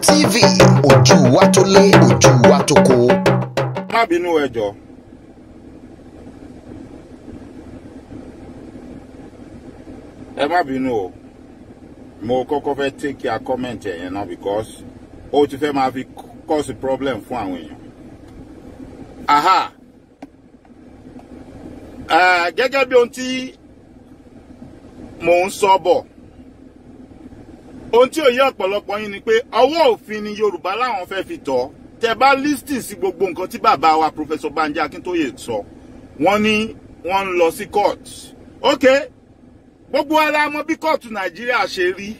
TV ojú wa tó lé ojú wa tó kó. má bínú ẹ jọ̀ọ́. ẹ má bínú o mo kọ́kọ́ fẹ́ take care comment ẹ̀yẹn náà because o ti fẹ́ máa fi cause problem fún àwọn èèyàn. aha gẹ́gẹ́ bí ohun tí mò ń sọ bọ̀. So ohun tí ò yé ọ̀pọ̀lọpọ̀ yín ni pé ọwọ́ òfin ni Yorùbá láwọn fẹ́ fi tọ́ tẹ́ bá lísítì sí gbogbo nǹkan tí bàbá wa Professor Banja Akíntóyè sọ wọ́n ní wọ́n ń lọ sí court ok gbogbo ara mọ̀ bí kóòtù Nàìjíríà ṣe rí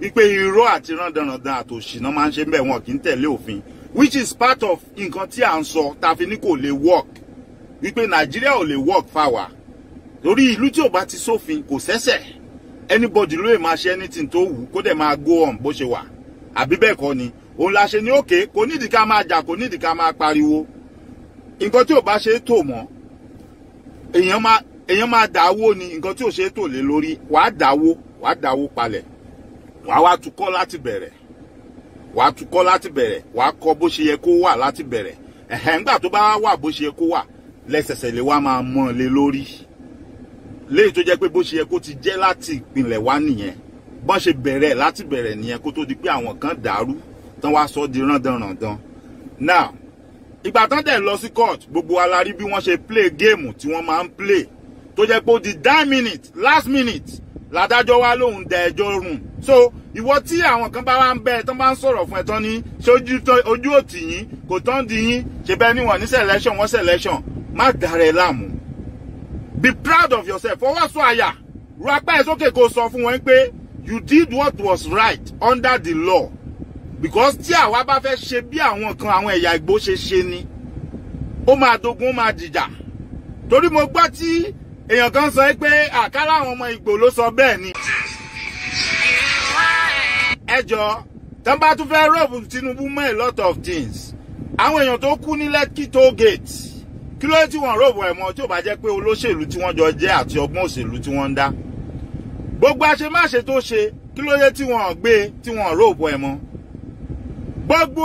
wípé irọ́ àti rándanrandan àtòṣìnà máa ń ṣe bẹ́ẹ̀ wọn kì í tẹ̀lé òfin which is part of nǹkan tí à ń sọ ta ní kò lè work wípé Nàìjíríà ò lè work fáwa torí ìlú tí ò bá ti sófin kò sẹ́sẹ̀ anybody ló lè máa ṣe anything tó wù kó dẹ̀ máa go on bó ṣe wà àbí bẹ́ẹ̀ kọ́ ni òun la ṣe ní òkè kò nídìí ká máa jà kò nídìí ká máa pariwo nǹkan tí ò bá ṣe é tò mọ́ èèyàn máa dáwó ni nǹkan tí ò ṣe é tò lé lórí wàá dáwó wàá dáwó palẹ̀ wàá wá tukọ́ láti bẹ̀rẹ̀ wàá tukọ́ láti bẹ̀rẹ̀ wàá kọ́ bó ṣe yẹ kó wà láti bẹ̀rẹ̀ ẹ̀hẹ̀ ńgbà tó bá wà bó ṣe yẹ kó wà lẹ́sẹ̀sẹ̀ lè wá máa mọ́ ọ lé lórí léyìí tó jẹ́ pé bó ṣe yẹ kó ti jẹ́ láti ìpìlẹ̀ wá nìyẹn bọ́n ṣe bẹ̀rẹ̀ láti bẹ̀rẹ̀ nìyẹn kó tó di pé àwọn kan dàrú tán wá sọ di rándanràndan now ìgbà tán dẹ̀ lọ sí court gbogbo wa la rí bí wọ́n ṣe play géèmù tí wọ́n máa ń play tó jẹ́ pé ó di nine minute last minute làdájọ́ wá lóhùn dẹ ẹjọ́ rùn so ìwọ tí àwọn kan bá wá ń bẹ ẹ tán bá ń sọ̀rọ̀ fún ẹ tán ní ṣé ojú òtì yín kò tán di yín ṣe bẹ́ẹ̀ ni wọ́n ní selection wọ́n selection má dàrẹ́ láàmú be proud of yourself fọwọ́ sọ àyà ru apá ẹ̀ sókè kó sọ fún wọn pé you did what was right under the law because tí àwa bá fẹ́ ṣe bí àwọn kan àwọn ẹ̀yà Ìgbò ṣe ṣe ni ó máa dogun ó máa dìjà torí mo gbọ́ tí èèyàn kan sọ pé àkàrà àwọn ọmọ Ìgbò ló sọ bẹ́ẹ̀ ni. ẹ jọ tán bá tún fẹ́ rọ́ọ̀bù Tinubu mọ́ a lot of things àwọn èèyàn tó kú ní Lekki toll gate kí ló tí wọ́n rògbò ẹ̀mọ́ tí ò bá jẹ́ pé olóṣèlú tí wọ́n jọ jẹ́ àti ọgbọ́n òṣèlú tí wọ́n ń dá gbogbo àṣemáṣe tó ṣe kí ló yẹ tí wọ́n gbé tí wọ́n rògbò ẹ̀mọ́ gbogbo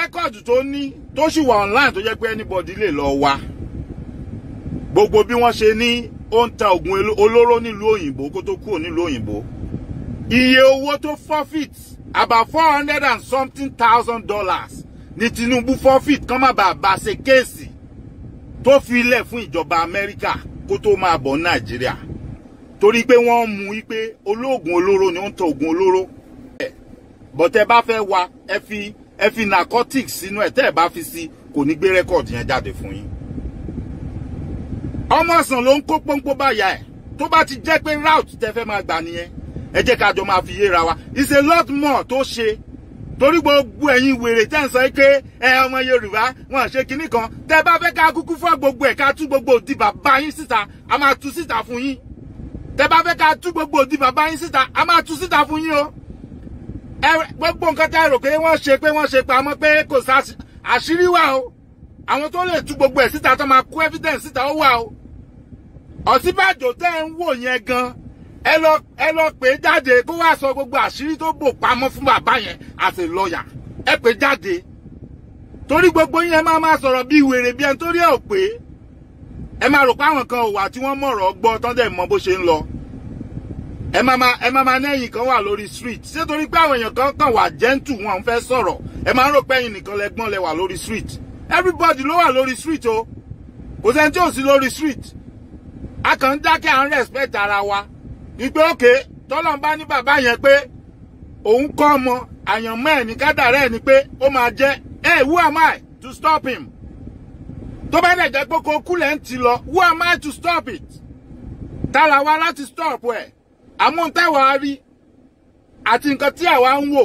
rẹ́kọ̀dù tó ní tó sì wà online tó jẹ́ pé anybody lè lọ wá gbogbo bí wọ́n ṣe ní ó ń ta oògùn olóró nílùú òyìnbó kó tó kúrò nílùú òyìnbó iye owó tó forfeit about four hundred and something thousand dollars ni Tinubu forfeit kán má bàa bá ṣe kéèsì tó fi ilẹ̀ fún ìjọba amẹ́ríkà kó tó máa bọ̀ ní nàìjíríà torí pé wọ́n mú i pé olóògùn olóró ni ó ń ta ògùn olóró bọ̀tẹ́ bá fẹ́ wa ẹ fi ẹ fi narcotics sínú ẹ̀ tẹ́ ẹ bá fi sí kò ní gbé rẹ́kọ̀dì yẹn jáde fún yín ọmọ ọsàn ló ń kó pọ́npọ́ báyà ẹ̀ tó bá ti jẹ́ pé route tẹ́ fẹ́ máa gbà nìyẹn ẹ jẹ́ ká jọ máa fi yéra wa it's a lot more tó ṣe torí gbogbo ẹ̀yin wèrè tẹ́ ń sọ pé ẹ ọmọ yorùbá wọn ṣe kinní kan tẹ́ bá fẹ́ ká kúkú fọ́ gbogbo ẹ̀ ká tú gbogbo òdì bàbá yín síta a máa tú síta fún yín tẹ́ bá fẹ́ ká tú gbogbo òdì bàbá yín síta a máa tú síta fún yín o gbogbo nǹkan tẹ́ rò pé wọ́n ṣe pé wọ́n ṣe pamọ́ pé kò sá àṣírí wà o àwọn tó lè tú gbogbo ẹ̀ síta tó máa kó evidence síta ó wà o Ọ̀sínbàjò tẹ́ ń wò yẹn gan ẹ lọ ẹ lọ pè é jáde kó wá sọ gbogbo àṣírí tó bò pamọ́ fún bàbá yẹn as a lawyer ẹ pè é jáde torí gbogbo yín ẹ máa máa sọ̀rọ̀ bí wèrè bí ẹni tó rí ẹ ò pé ẹ máa rò pé àwọn kan ò wà tí wọ́n mọ̀rọ̀ gbọ́ tán dẹ̀ mọ bó ṣe ń lọ ẹ máa máa ẹ máa máa nẹ́yìn kan wà lórí street ṣé torí pé àwọn èèyàn kan kàn wà gentle wọn fẹ́ sọ̀rọ̀ ẹ máa ń rò pé ẹ̀yin nìkan lẹ́gbọ́n lẹ wà lórí street everybody ló wà lórí street o kò sẹ́ni tí ò sí lórí street a kàn ń dákẹ́ à ń respect ara wa ìgbé òkè tọ́lọ́ bá ní bàbá yẹn pé òun kọ́ ọmọ àyànmọ́ ẹ̀ ní kádàrẹ́ ni pé ó máa jẹ́ hey who am I to stop him tó bá dẹ̀ jẹ́ pé kó kúlẹ̀ ń ti lọ who am I to stop it ta la wá láti stop ẹ̀ àmúntàwọ̀ á rí àti nǹkan tí àwa ń wò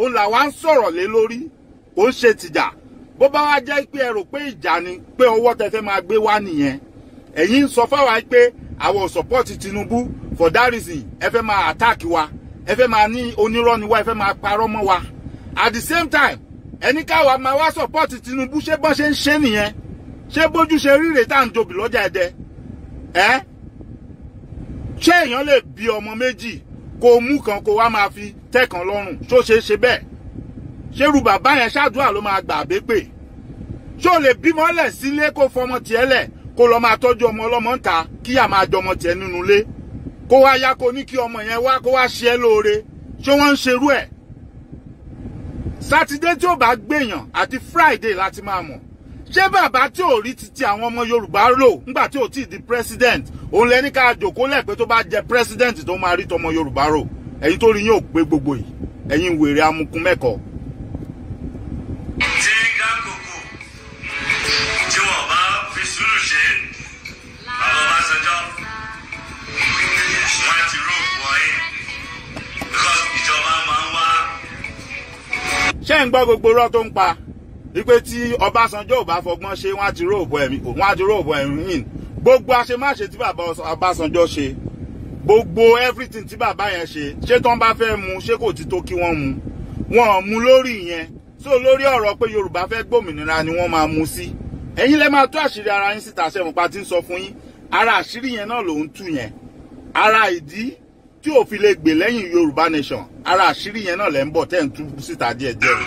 òun làwa ń sọ̀rọ̀ lé lórí ó ń ṣe tìjà bó bá wá jẹ́ pé ẹ rò pé ìjà ni pé owó tẹ́tẹ́ máa gbé wá nìyẹn ẹ̀yin ń sọ fáwa pé àwọn ò support Tinubu for that reason ẹ fẹ́ máa attack wa ẹ fẹ́ máa ní onírọ́ ni wa ẹ fẹ́ máa parọ́ mọ́ wa at the same time ẹni káwa máa wá support Tinubu ṣé bọ́n ṣe ń ṣe nìyẹn ṣé bójú ṣe ríre tá à ń jobì lọ́jà ẹ̀dẹ ẹ́ ṣé èèyàn lè bí ọmọ méjì kó mú kan kó wá máa fi tẹ́kan lọ́rùn ṣó ṣe é ṣe bẹ́ẹ̀ ṣerú bàbá yẹn ṣáàdúrà ló máa gbà àbẹ́ pè ṣé o lè bímọ lẹ̀ sílé kó fọmọ tiẹ̀ lẹ̀ kó lọ́ọ́ máa tọ́jú ọmọ ọlọ́mọ ń ta kíyà máa jọmọ tiẹ̀ nínú ilé kó wá yá kó ní kí ọmọ yẹn wá kó wá ṣe é lóore ṣé wọ́n ń ṣerú ẹ̀ sátidé tí ò bá gbèyàn àti friday láti máa mọ̀ ṣé bàbá tí ò rí títí àwọn ọmọ yorùbá lò nígbà tí ò tí ì di president òun lẹni ká jòkó lẹ́pẹ́ tó bá jẹ president tó máa rí tọmọ yorùbá rò ẹ̀yin tó rí yín ò pé gbogbo yìí ẹ̀yin wèrè amukun mẹ́kọ̀ọ́. tí gákòókò tí wọn bá fi sùúrù ṣe àwọn ọba sanjọ wọ́n á ti rope wọ ẹ́ because ìjọba máa ń wá. ṣé ń gbọ́ gbogbo irọ́ tó ń pa wípé tí Ọbásanjọ́ ò bá fọgbọ́n ṣe wọ́n á ti rope ẹ̀mí wọ́n á ti rope ẹ̀mí in gbogbo àṣemáṣe tí bàbá Ọbásanjọ́ ṣe gbogbo everything tí bàbá yẹn ṣe ṣé tán bá fẹ́ mu ṣé kò ti tó kí wọ́n mu wọn ò mu lórí yẹn so lórí ọ̀rọ̀ pé Yorùbá fẹ́ gbòmìnira ni wọ́n máa mu sí ẹ̀yin lẹ́ máa tú àṣírí ara yín síta ṣẹ́mu pa ti ń sọ fún yín ara àṣírí yẹn náà lòún tú yẹn ara ìdí tí ò fi lè gbè lẹ́yìn yorùbá nation ara àṣírí yẹn náà lẹ́ ń bọ̀ tẹ́ ń tú síta díẹ̀ díẹ̀.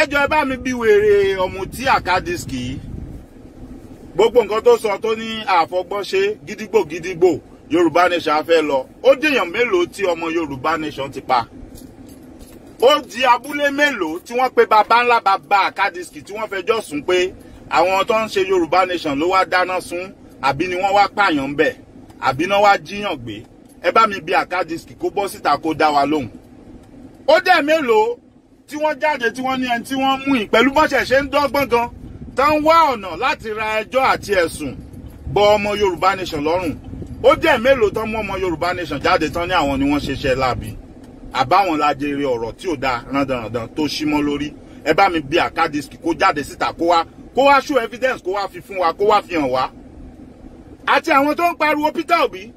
ẹjọ́ ẹ bá mi bí wèrè ọ̀mùtí àkádìsíkì gbogbo nǹkan tó sọ tó ní àfọgbọ́n ṣe gídígbò gídígbò yorùbá nation afẹ́ lọ ó dèèyàn mélòó tí ọmọ yorùbá nation ti pa ó di abúlé mélòó tí wọ́n pe baba ńlá baba àkádìsíkì tí wọ́n fẹjọ́ sùn pé àwọn tó ń ṣe yorùbá nation ló wá dáná sun àbí ni wọ́n wá pààyàn ń bẹ̀ àbí náà wá jíyàn gbé ẹ bá mi bi àkádìsíkì kó bọ́ síta kó dá wa lóhùn ó dẹ̀ mélòó tí wọ́n jáde tí wọ́n ní ẹni tí wọ́n mú yìn pẹ̀lú bọ́sẹ̀ ṣe ń dọ́gbọ́n gan tó ń wá ọ̀nà láti ra ẹjọ́ àti ẹ̀sùn bọ ọmọ yorùbá nation lọ́rùn ó jẹ́ mélòó tán mú ọmọ yorùbá nation jáde tán ní àwọn ni wọ́n ṣe iṣẹ́ láabi àbáwọn lajere ọ̀rọ̀ tí ò da randanrandan tó símọ́ lórí ẹ bá mi bí àkádìsíkì kó jáde síta kó wá kó wá show evidence kó wá fi fún wa kó wá fi hàn wá àti àwọn tó ń pariwo Peter Obi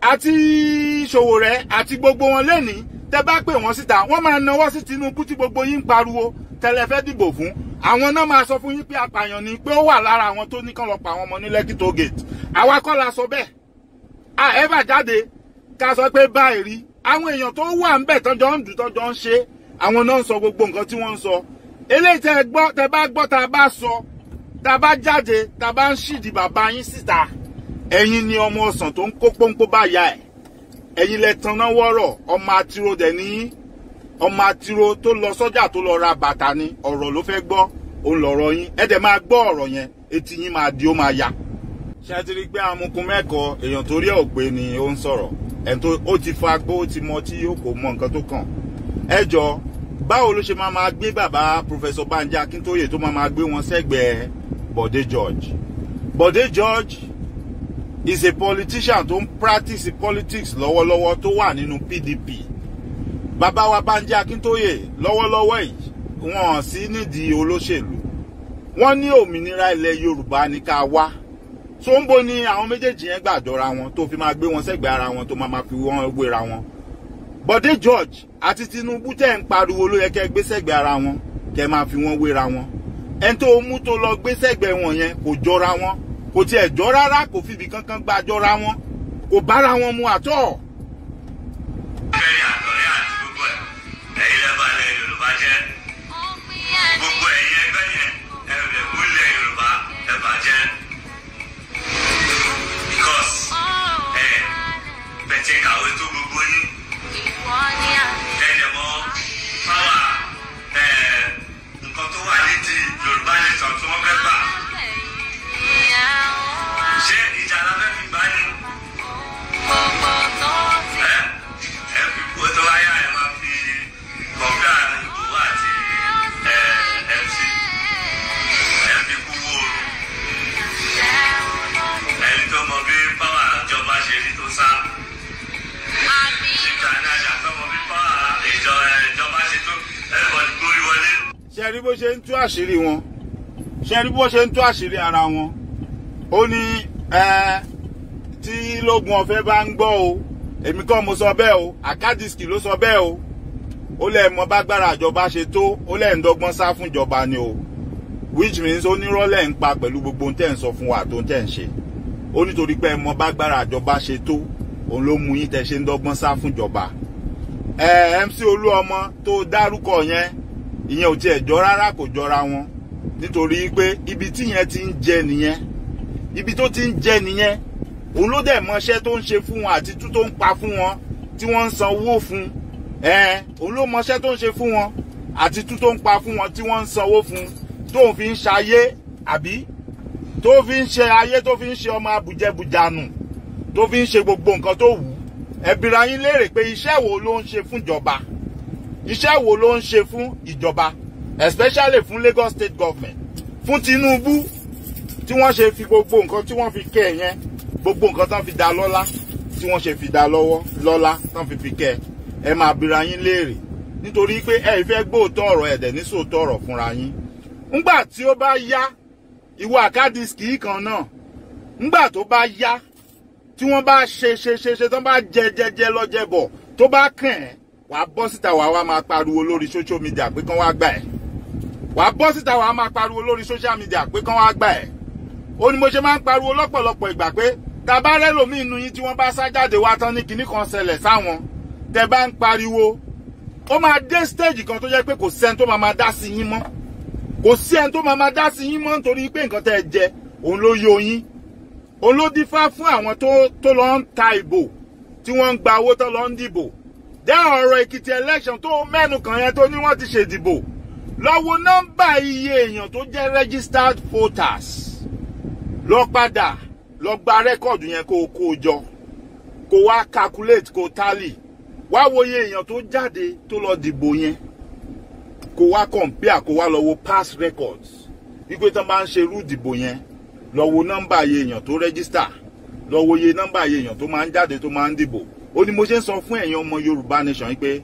àti Sowore àti gbogbo wọn lẹ́nìí tẹ bá pè wọ́n síta wọ́n máa nawọ́ sí Tinubu tí gbogbo yín ń pariwo tẹlẹ fẹ́ dìbò fún àwọn náà máa sọ fún yín pé apààyàn ni pé ó wà lára àwọn tó ní kán lọ pa àwọn ọmọ ní Lekki toll gate àwa kọ́ la sọ bẹ́ẹ̀ àẹ́fà jáde ká sọ pé báyìí rí àwọn èèyàn tó wà ń bẹ̀ tọ́jọ́ ń dùn tọ́jọ́ ń ṣe àwọn náà ń sọ gbogbo nǹkan tí wọ́n ń sọ eléyìí tẹ gbọ́ tẹ bá gbọ́ tá a bá sọ tá a bá jáde tá a bá ń ṣìdí bàbá yín síta ẹ̀yin ni ọmọ ọ̀sán tó ń kó pọ́npọ́ bá ya ẹ̀ ẹ̀yin lẹ tanná wọ́rọ̀ ọmọ àtiró dẹ̀ ní ọmọ àtiró tó lọ sọ́jà tó lọ ra bàtà ni ọ̀rọ̀ ló fẹ́ gbọ́ òun lọ̀rọ̀ yín ẹ̀ dẹ̀ máa gbọ́ ọ̀rọ̀ yẹn etí yín máa di ó máa ya ṣe ti rí i pé amukun mẹ́kọ̀ọ́ èèyàn tó rí ọ̀gbẹ́ ni ó ń sọ̀rọ̀ ẹ̀ tó ó ti fa gbó ó ti mọ tí yóò kó mọ nǹkan tó kàn ẹ jọ báwo ló ṣe máa máa gbé bàbá Professor Banji Akíntóyè tó máa máa gbé wọn sẹ́gbẹ̀ẹ́ Bọ̀dé George Bọ̀dé George is a politician tó ń practice politics lọ́wọ́lọ́wọ́ tó wà nínú PDP bàbá wa Banji Akíntóyè lọ́wọ́lọ́wọ́ yìí wọn sì nídìí olóṣèlú wọ́n ní òmìnira ilẹ̀ Yorùbá ní ká wá so ń bo ni àwọn méjèèjì yẹn gbàjọra wọn tó fi máa gbé wọn sẹ́gbẹ̀ẹ́ ara wọn tó máa máa fi wọn wéra wọn Bọ́dé George àti Tinubu tẹ́ ń pariwo ló yẹ kẹ́ gbé sẹ́gbẹ̀ẹ́ ara wọn kẹ́ máa fi wọn wéra wọn ẹni tó mú tó lọ gbé sẹ́gbẹ̀ẹ́ wọn yẹn kò jọra wọn kò tiẹ̀ jọ rárá kò fìbí kankan gbà jọra wọn kò bára wọn mu àtọ́. gbogbo ẹ̀yẹ rí bó ṣe ń tú àṣírí ara wọn ó ní tí lógun ọ̀fẹ́ bá ń gbọ́ o èmi kọ́ mo sọ bẹ́ẹ̀ o àkádìsíkì ló sọ bẹ́ẹ̀ o ó lẹ̀ mọ bágbára àjọba ṣe tó ó lẹ̀ ń dọ́gbọ́n sá fún ìjọba ni o which means onírọ́lẹ̀ ń pa pẹ̀lú gbogbo ohun tẹ́ ń sọ fún wa àtòhun tẹ́ ń ṣe ó nítorí pé ẹ mọ bágbára àjọba ṣe tó òun ló mú yín tẹ́ ṣe ń dọ́gbọ́n sá fún ìjọba ẹ MC Olúọmọ tó dárúkọ yẹn ìyẹn ò tiẹ̀ jọ rárá kò jọra wọn nítorí pé ibi tí yẹn ti ń jẹ nìyẹn ibi tó ti ń jẹ nìyẹn òun ló dẹ̀ mọṣẹ́ tó ń ṣe fún wọn àti tú tó ń pa fún wọn tí wọ́n ń san owó fún ẹ̀ẹ́n òun ló mọṣẹ́ tó ń ṣe fún wọn àti tú tó ń pa fún wọn tí wọ́n ń sanwó fún tóun fi ń ṣayé àbí tó fi ń ṣe ayé tó fi ń ṣe ọmọ abùjẹbùjanù tó fi ń ṣe gbogbo nǹkan tó wù ú ẹ̀bìrà léèrè pé iṣẹ́ wo ló ń ṣe fún ìjọba iṣẹ́ wo ló ń ṣe fún ìjọba especially fún Lagos state government fún Tinubu tí wọ́n ṣe fi gbogbo nǹkan tí wọ́n fi kẹ́ ẹ yẹn gbogbo nǹkan tán fi dá lọ́lá tí wọ́n ṣe fi dá lọ́wọ́ lọ́lá tán fi fi kẹ́ ẹ ẹ máa bira yín léèrè nítorí pé ẹ fẹ́ gbóòótọ́ ọ̀rọ̀ ẹ̀dẹ̀ ní sòótọ́ ọ̀rọ̀ fúnra yín ńgbà tí ó bá yá ìwọ àkádìsíkì kan náà ńgbà tó bá yá tí wọ́n bá ṣe ṣe ṣe ṣe tán bá jẹ jẹjẹ lọ́jẹ̀bọ̀ tó bá kàn ẹ́ wàá bọ́ síta wàá wá máa pariwo lórí social media pé kán wá gbà ẹ́ wàá bọ́ síta wàá máa pariwo lórí social media pé kán wá gbà ẹ́ ó ní mo ṣe máa ń pariwo lọ́pọ̀lọpọ̀ ìgbà pé tá bá rẹ́lòmíì inú yín tí wọ́n bá sá jáde wá tán ní kinní kan ṣẹlẹ̀ sáwọn tẹ́ bá ń pariwo ó máa dé stage kan tó jẹ́ pé kò sẹ́ni tó máa máa dá sí yín mọ́ kò sí ẹni tó máa máa dá sí yín mọ́ nítorí pé nǹkan tẹ́ ẹ jẹ òun ló yọ yín òun ló dífá fún àwọn tó lọ ń ta ìbò tí wọ́n ń gba owó tó lọ ń dìbò dá ọ̀rọ̀ Èkìtì election tó mẹ́nu kàn yẹn tó ní wọ́n ti ṣèdìbò lọ wo nọ́mbà iye èèyàn tó jẹ́ registered voters lọ padà lọ gba rẹ́kọ̀dù yẹn kó o kó o jọ kó wá calculate kó o tally wá wo iye èèyàn tó jáde tó lọ dìbò yẹn kó wá compare kó wá lọ wo past records wípé tán bá ń ṣe irú ìdìbò yẹn lọ nọ́mbà iye èèyàn tó register lọ wo iye nọ́mbà iye èèyàn tó máa ń jáde tó máa ń dìbò ó ní mo ṣe ń sọ fún ẹ̀yin ọmọ Yorùbá nation pé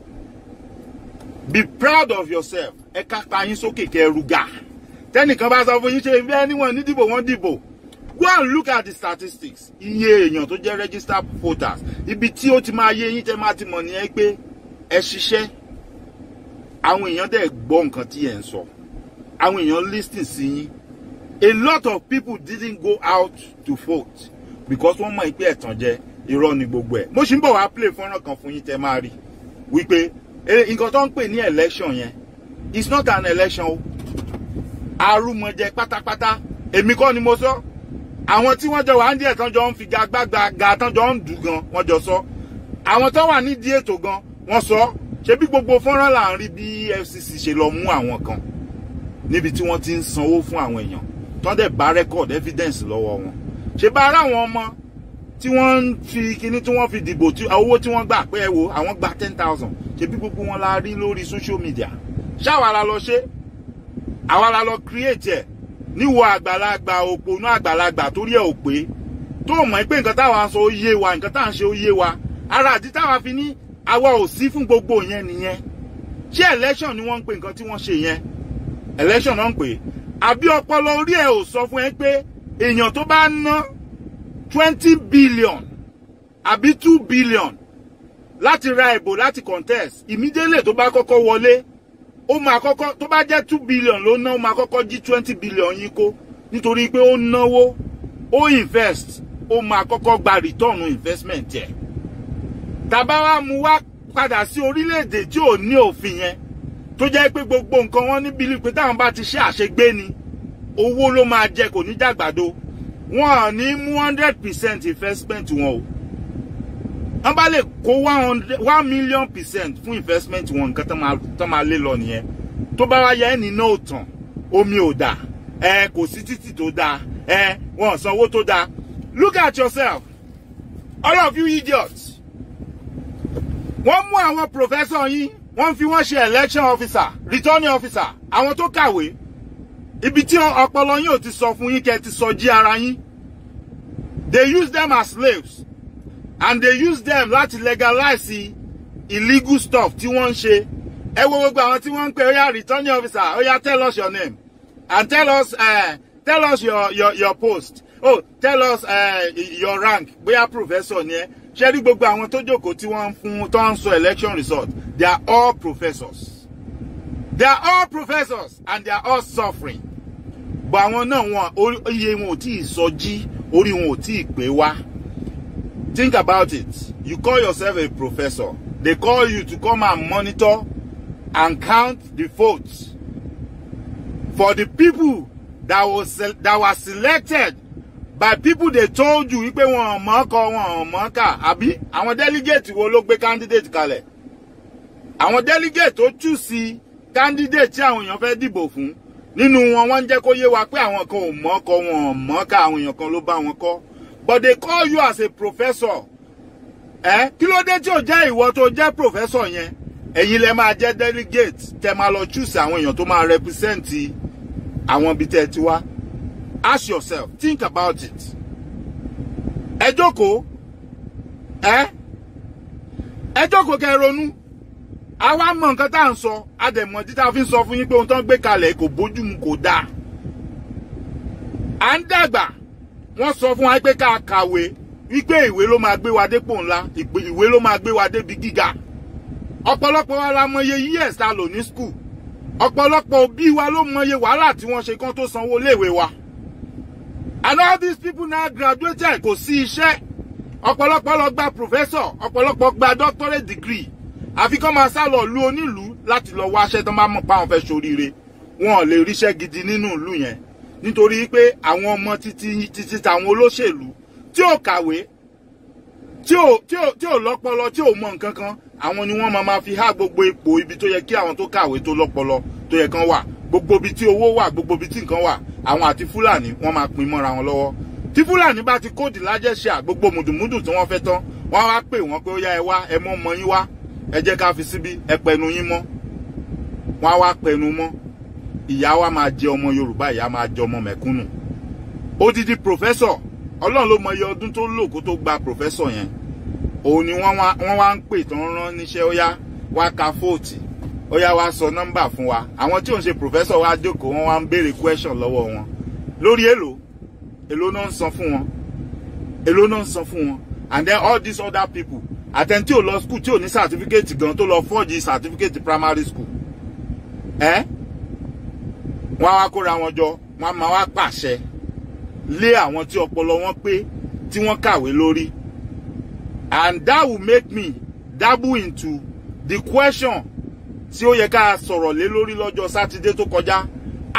be proud of yourself ẹ kápá yín sókè kẹrùgà tẹ́nìkan bá sọ fún yín ṣe bí ẹni wọn ní dìbò wọn dìbò go and look at the statistics iye èèyàn tó jẹ́ register voters ibi tí ó ti máa yé yín tẹ́ máa ti mọ̀ nìyẹn pé ẹ ṣiṣẹ́ àwọn èèyàn dẹ̀ gbọ́ nǹkan tí ẹ̀ ń sọ àwọn èèyàn listen sí yín a lot of people didn't go out to vote because wọ́n mọ̀ pé ẹ̀tàn jẹ irọ́ ni gbogbo ẹ̀ mo sì ń bọ̀ wá play fọ́nrán kan fún yín tẹ́ máa rí wípé eh, nǹkan tó ń pè ní election yẹn it's not an election o arúmọjẹ pátápátá èmi kọ́ ni mo sọ àwọn tí wọ́n jọ wà nídìí ẹ̀tàn jọ ń fi gagbágba ga tán jọ ń dù gan wọ́n jọ sọ àwọn tó wà nídìí ètò gan wọ́n sọ ṣebí gbogbo fọ́nrán là ń rí bí EFCC ṣe lọ mú àwọn kan níbi tí wọ́n ti ń sanwó fún àwọn èèyàn tán dẹ̀ bá record evidence lọ́wọ́ wọn ṣe bá ara àwọn ọmọ tí wọ́n ń fi kinní tí wọ́n fi dìbò owó tí wọ́n gbà pé ẹ wo àwọn gba ten thousand ṣebí gbogbo wọn la rí lórí social media ṣáwa la lọ ṣe àwa la lọ create ẹ̀ níwọ àgbàlagbà òponú àgbàlagbà torí ẹ̀ ò pé tó mọ̀ pé nǹkan táwa sọ yé wa nǹkan tá à yé wa ara àti táwa fi ní àwa ò sí fún gbogbo yẹn nìyẹn ṣé election ni wọ́n ń pè nǹkan tí wọ́n ṣe yẹn election náà ń pè àbí ọpọlọ orí ẹ̀ ò sọ fún ẹ pé èèyàn tó bá ná twenty billion àbí two billion láti ra ìbò láti contest immediately tó bá kọ́kọ́ wọlé ó máa kọ́kọ́ tó bá jẹ́ two billion ló ná ó máa kọ́kọ́ jí twenty billion yín kó nítorí pé ó náwó ó invest ó máa kọ́kọ́ gba return investment ẹ̀ tàbá wa mú wá padà sí orílẹ̀-èdè tí ò ní òfin yẹn tó jẹ́ pé gbogbo nǹkan wọn ní bílí pé táwọn bá ti ṣe àṣegbé ni owó ló máa jẹ kò ní jàgbàdo wọn ò ní mú hundred percent investment wọn o wọ́n bá lè kó one hundred one million percent fún investment wọn nǹkan tó máa lé lọ nìyẹn tó bá wáyé ẹni náà ò tàn omi ò dà ẹ kò sí títì tó da. ẹ wọn sanwó tó dáa look at yourself all of you idiots wọ́n mú àwọn professor yín wọ́n fi wọ́n ṣe election officer returning officer àwọn tó kàwé ibi tí ọpọlọ yín ò ti sọ fún yín kẹ́ ti sọ jí ara yín they use them as slaves and they use them láti legalize illegal stuff tí wọ́n ń ṣe ẹ wo gbogbo àwọn tí wọ́n ń pè ó yá returning officer ó yá tell us your name and tell us uh, tell us your your your post oh tell us uh, your rank bóyá professor ni ẹ ṣe rí gbogbo àwọn tó jókòó tí wọ́n ń fún tó ń sọ election result they are all professors they are all professors and they are all suffering but àwọn náà wọn iye wọn ò tí ì sọjí orí wọn ò tí ì pé wá. Think about it. You call yourself a professor. They call you to come and monitor and count the votes for the people that was that was selected by people they told you wípé wọn ò mọ̀ kọ wọn ò mọ̀ kà àbí àwọn delegate wo ló gbé candidate kalẹ̀ àwọn delegate tó tú sí candidate tí àwọn èèyàn fẹ́ dìbò fún nínú wọn wọ́n ń jẹ́ kó yé wa pé àwọn kan ò mọ̀ kọ wọn ò mọ̀ kà àwọn kan ló bá wọn kọ́ but they call you as a professor eh? kí ló dé tí ò jẹ́ ìwọ tó jẹ́ professor yẹn ẹ̀yin lẹ máa jẹ́ delegate tẹ máa lọ choose àwọn èèyàn tó máa represent àwọn ibi tẹ́ ti wá ask yourself think about it ẹ jókòó ẹ eh? ẹ jókòó kẹ́ ronú àwa mọ nǹkan tá à ń sọ a dẹ̀ mọ̀ títà fi ń sọ fún yín pé ohun tó ń gbé kalẹ̀ kò bójú mu kò dáa à ń dàgbà wọ́n sọ fún wa pé ká kàwé wípé ìwé ló máa gbé wa dépò ńlá ìwé ló máa gbé wa débi gíga ọ̀pọ̀lọpọ̀ wa la mọye years ta lò ní school ọ̀pọ̀lọpọ̀ òbí wa ló mọye wàhálà tí wọ́n ṣe kán tó sanwó léèwé wa and all these people now graduated kò sí iṣẹ́ ọ̀pọ̀lọpọ̀ lọ gba professor ọ̀pọ̀lọpọ̀ gba doctorate degree àfi kán máa sá lọ lu onílùú láti lọ wá aṣẹ́ tán bá mọ̀ pa àwọn fẹ́ ṣoríire wọn ò lè ríṣẹ́ gidi nínú ìlú yẹn nítorí pé àwọn ọmọ títí títí tàwọn olóṣèlú tí ò kàwé tí ò tí ò tí ò lọ́pọlọ tí ò mọ nǹkan kan àwọn ni wọ́n máa ma fi há gbogbo ipò ibi tó yẹ kí àwọn tó kàwé tó lọ́pọlọ tó yẹ kán wà gbogbo ibi tí owó wà gbogbo ibi tí nǹkan wà àwọn àti fúlàní wọ́n máa pín mọ́ra wọn lọ́wọ́ tí fúlàní bá ti kóòdì lájẹsà gbogbo mùdùmùdù tí wọ́n fẹ́ tán wọ́n wá pè wọ́n pé ó yá ẹ wá ẹ mọ́ mọ́ yín wá ẹ jẹ́ ká fi síbi ẹ pẹnu yín mọ́ wọ́n wá pẹnu mọ́ ìyá wa máa jẹ ọmọ yorùbá ìyá máa jẹ ọmọ mẹ̀kúnnù odidi professor ọlọ́run ló mọ iye ọdún tó lò kó tó gba professor yẹn òun ni wọ́n wá ń pè tó ń rán níṣẹ́ ó yá wá ka fóòtì ó yá wá sọ nọ́mbà fún wa àwọn tí òun ṣe professor wá jókòó wọ́n wá ń béèrè question lọ́wọ́ wọn lórí èlò èlò náà ń san fún wọn èlò náà ń san fún wọn and then all these other people àtẹni tí ò lọ school tí ò ní certificate gan tó lọ forge certificate primary school. Eh? wọ́n wá kóra wọn jọ wọ́n á máa wá pàṣẹ lé àwọn tí ọpọlọ wọn pé tí wọ́n kàwé lórí and that will make me dabble into the question tí ó yẹ ká sọ̀rọ̀ lé lórí lọ́jọ́ sátidé tó kọjá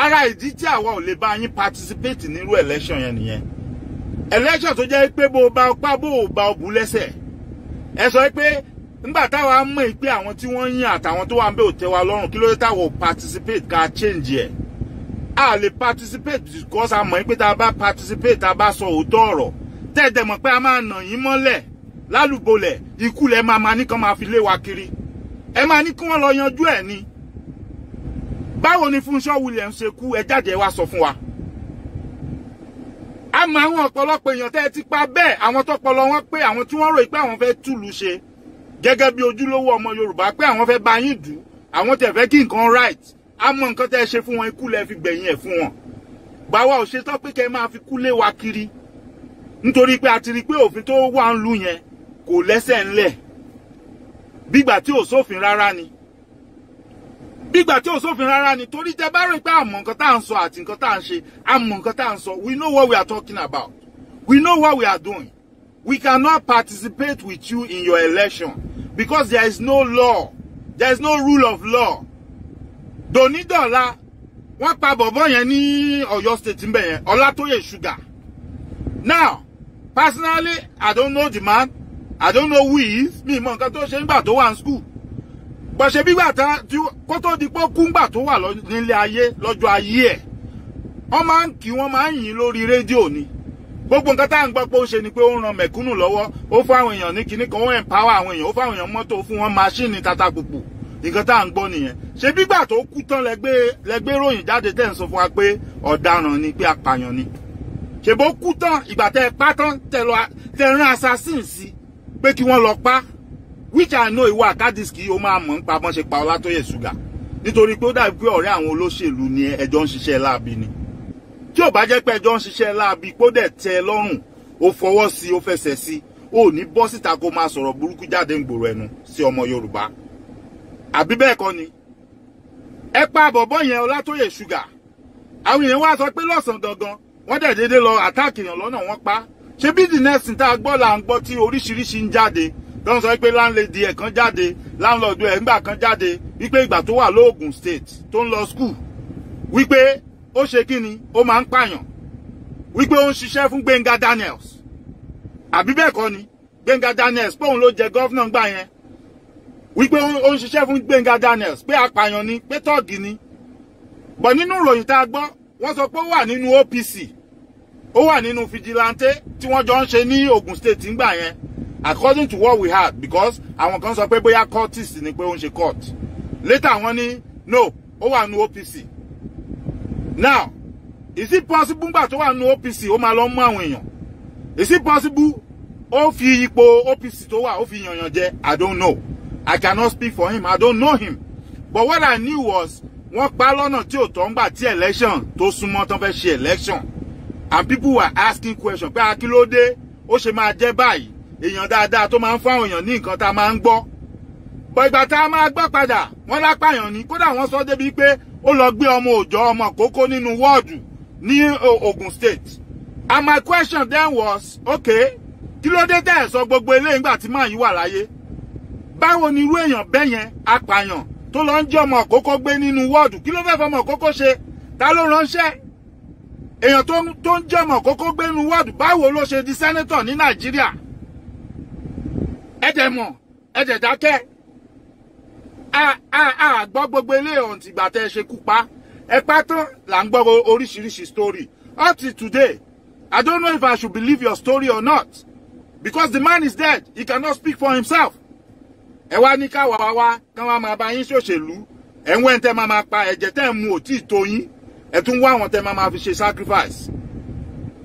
ara ìdí tí àwa ò lè bá yín participate nírú election yẹn nìyẹn election tó jẹ́ pé bó o bá ọpá bó o bá ọbù lẹ́sẹ̀ ẹ sọ pé nígbà táwa mọ̀ pé àwọn tí wọ́n yàn àtàwọn tó wà ń bẹ̀ ò lọ́rùn kí ló dé táwa ò participate ká change ẹ̀ a lè participate because a mọ̀ pé tá a bá participate tá a bá sọ òótọ́ ọ̀rọ̀ tẹ́ẹ̀dẹ̀ mọ̀ pé a máa nà yín mọ́lẹ̀ lálùbọ̀lẹ̀ ikú lẹ máa máa ní kán máa fi lé wa kiri ẹ máa ní kí wọ́n lọ yanjú ẹ̀ ni báwo ni Fúnṣọ́ Williams ṣe kú ẹ jáde ẹ wá sọ fún wa a mọ àwọn ọ̀pọ̀lọpọ̀ èèyàn tẹ́ ẹ ti pa bẹ́ẹ̀ àwọn tọpọlọ wọn pé àwọn tí wọ́n rò pé àwọn fẹ́ túlù ṣe gẹ́gẹ́ bí ojúlówó ọmọ Yorùbá pé àwọn fẹ́ bá yín dù àwọn tẹ̀ fẹ́ kí nǹkan right a mọ nǹkan tẹ́ ẹ ṣe fún wọn ikú lẹ fi gbẹ̀yìn ẹ̀ fún wọn gbàwa ò ṣetán pé kẹ́ ẹ máa fi kú lé wa kiri nítorí pé a ti rí pé òfin tó wà ń lù yẹn kò lẹ́sẹ̀ ńlẹ̀ bígbà tí ò sófin rárá ni bígbà tí ò sófin rárá ni torí tẹ bá rí pé àmọ̀ nǹkan tá à ń sọ àti nǹkan tá à ń ṣe àmọ̀ nǹkan tá à ń sọ we know what we are talking about we know what we are doing we cannot participate with you in your election because there is no law there is no rule of law dònídọ̀la wọ́n pa bọ̀bọ̀ yẹn ní Ọ̀yọ́ state ń bẹ̀ yẹn Ọlátóyè Sugar now personally I don't know the man I don't know who he is mi mọ nǹkan tó ṣe nígbà tó wà ní school bọ̀ṣẹ̀ bí gbàtà kó tó di pọ́ kú ngbà tó wà nílé ayé lọ́jọ́ ayé ẹ̀ wọ́n máa ń kí wọ́n máa ń yìn lórí rédíò ni gbogbo nǹkan tá à ń gbọ́ pé ó ṣe ni pé ó ń ran mẹ̀kúnnù lọ́wọ́ ó fún àwọn èèyàn ní kinní kan ó empower àwọn èèyàn ó fún àwọn èèyàn mọ́tò ó fún wọn máṣíìnì tatapùpù nǹkan tá à ń gbọ́ nìyẹn ṣé bígbà tó kú tán lẹgbẹ́ lẹgbẹ́ ròyìn jáde tẹ́ ń sọ fún wa pé ọ̀daràn ni pé apààyàn ni ṣé bó kú tán ìgbà tẹ́ ẹ pa tán tẹ́ rán assassin sí pé kí wọ́n lọ pa which I know ìwà àkádìsíkì ó máa mọ̀ nípa bọ́n ṣe pa Ọlátóyè Sugar nítorí pé ó dàbí pé ọ̀rẹ́ àwọn olóṣèlú ni ẹjọ́ ń ṣiṣẹ́ láabi ni tí ò bá jẹ́ pé ẹjọ́ ń ṣiṣẹ́ láabi pé ó dẹ̀ tẹ́ ẹ lọ́rùn ó fọwọ́ sí ó fẹsẹ̀ sí ó ní bọ́ síta kó máa sọ̀rọ̀ burúkú jáde ń gbòòrò ẹnu sí ọmọ Yorùbá àbí bẹ́ẹ̀ kọ́ ni ẹ pa bọ̀bọ́ yẹn ọlátóyè ṣúgà àwọn èèyàn wá sọ pé lọ́sàn gangan wọ́n dẹ̀ déédé lọ àtáàkì èèyàn lọ́nà wọ́n pa ṣé bídínẹ́sì tá a gbọ́ là ń gbọ́ tí oríṣiríṣi ń jáde tó ń sọ pé láńlẹ́dì ẹ̀ kan jáde láńlọ́ọ̀dù ẹ̀ ńgbà kan jáde wípé ìgbà tó wà lóògùn state tó ń lọ school wípé ó ṣe kí ni ó máa ń pààyàn wípé ó ń ṣiṣẹ́ fún Gbẹ́ngà Daniels àbí bẹ́ẹ̀ kọ́ ni Gbẹ́ngà Daniels pé òun ló jẹ gọ́fúnà ńgbà yẹn wípé ó ń ṣiṣẹ́ fún Gbẹ̀ngà Daniels pé apààyàn ni pé tọ́ọ̀gì ni bọ̀ nínú ìròyìn tá a gbọ́ wọ́n sọ pé ó wà nínú OPC ó wà nínú fijilanté tí wọ́n jọ ń ṣe ní Ogun State ńgbà yẹn according to what we had because àwọn kan sọ pé bóyá courtist ni pé ó ń ṣe court later wọ́n ní no ó wà nínú OPC now is it possible ngbà tó wà nínú OPC ó máa lọ mú àwọn èèyàn is it possible ó fi ipò OPC tó wà ó fi yànyàn jẹ I don't know. I cannot speak for him. I don't know him. But what I knew was wọ́n pa lọ́nà tí ò tọ́ ń gbà tí election tó súnmọ́ tán fẹ́ ṣe election and people were asking questions pé akílódé ó ṣe máa jẹ́ báyìí èèyàn dáadáa tó máa ń fáwọn èèyàn ní nǹkan tá a máa ń gbọ́ bọ̀ ìgbà tá a máa gbọ́ padà wọ́n lápàyàn ni kódà wọ́n sọ débi pé ó lọ gbé ọmọ òòjọ́ ọmọ kókó nínú wọ́ọ̀dù ní Ogun State and my question then was okay kí ló dé tẹ̀ sọ gbogbo eléyìí nígbà tí màá yí wà láyé báwo ni irú èèyàn bẹ́ẹ̀ yẹn apààyàn tó lọ ń jẹ́ ọmọ àkókò gbé nínú wọ́ọ̀dù kí ló fẹ́ fọmọ àkókò ṣe ta ló ránṣẹ́ èèyàn tó ń jẹ́ ọmọ àkókò gbé nínú wọ́ọ̀dù báwo ló ṣe di sẹ́nẹ́tọ̀ ní nàìjíríà ẹ̀dẹ̀ mọ̀ ẹ̀dẹ̀ dákẹ́ a gbọ́ gbogbo ilé ọ̀hún tìgbà tẹ́ ẹ ṣe kú pa ẹ pa tán là ń gbọ́ oríṣiríṣi story up till today I don't know if I should believe your story or not because the man is dead he cannot speak for himself ẹ wá ní káwa wá wá kán wá máa bá yín ṣòṣèlú ẹ ń wẹ́n tẹ́ máa máa pa ẹ̀jẹ̀ tẹ́ ń mu ò tí ì tó yín ẹ tún wá àwọn tẹ́ máa máa fi ṣe sacrifice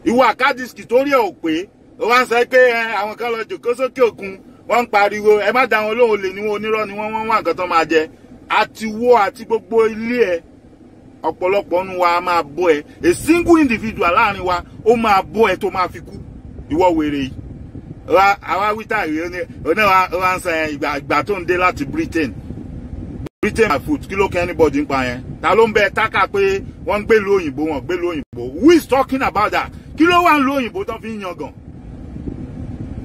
ìwọ àkádìsíkì tó rí ẹ ò pé ó wá ń sọ pé àwọn kan lọ jòkó sókè òkun wọ́n ń pariwo ẹ má dá wọn lóhùn lè ní wọn onírọ́ ni wọ́n wọ́n wá nǹkan tó máa jẹ àti wọ àti gbogbo ilé ẹ ọ̀pọ̀lọpọ̀ nu wa máa bọ́ ẹ a single individual láàrin wa ó máa bọ́ ẹ tó máa fi kú ìwọ wèrè yìí àwa wítàrí oníwà ń sẹ́yìn ìgbà tó ń dé láti Britain Britain by foot kí ló kẹ́ anybody ń pa yẹn ta ló ń bẹ tákà pé wọ́n ń gbé lu òyìnbó wọ́n gbé lu òyìnbó who is talking about that kí ló wà ń lu òyìnbó tó fi ń yangàn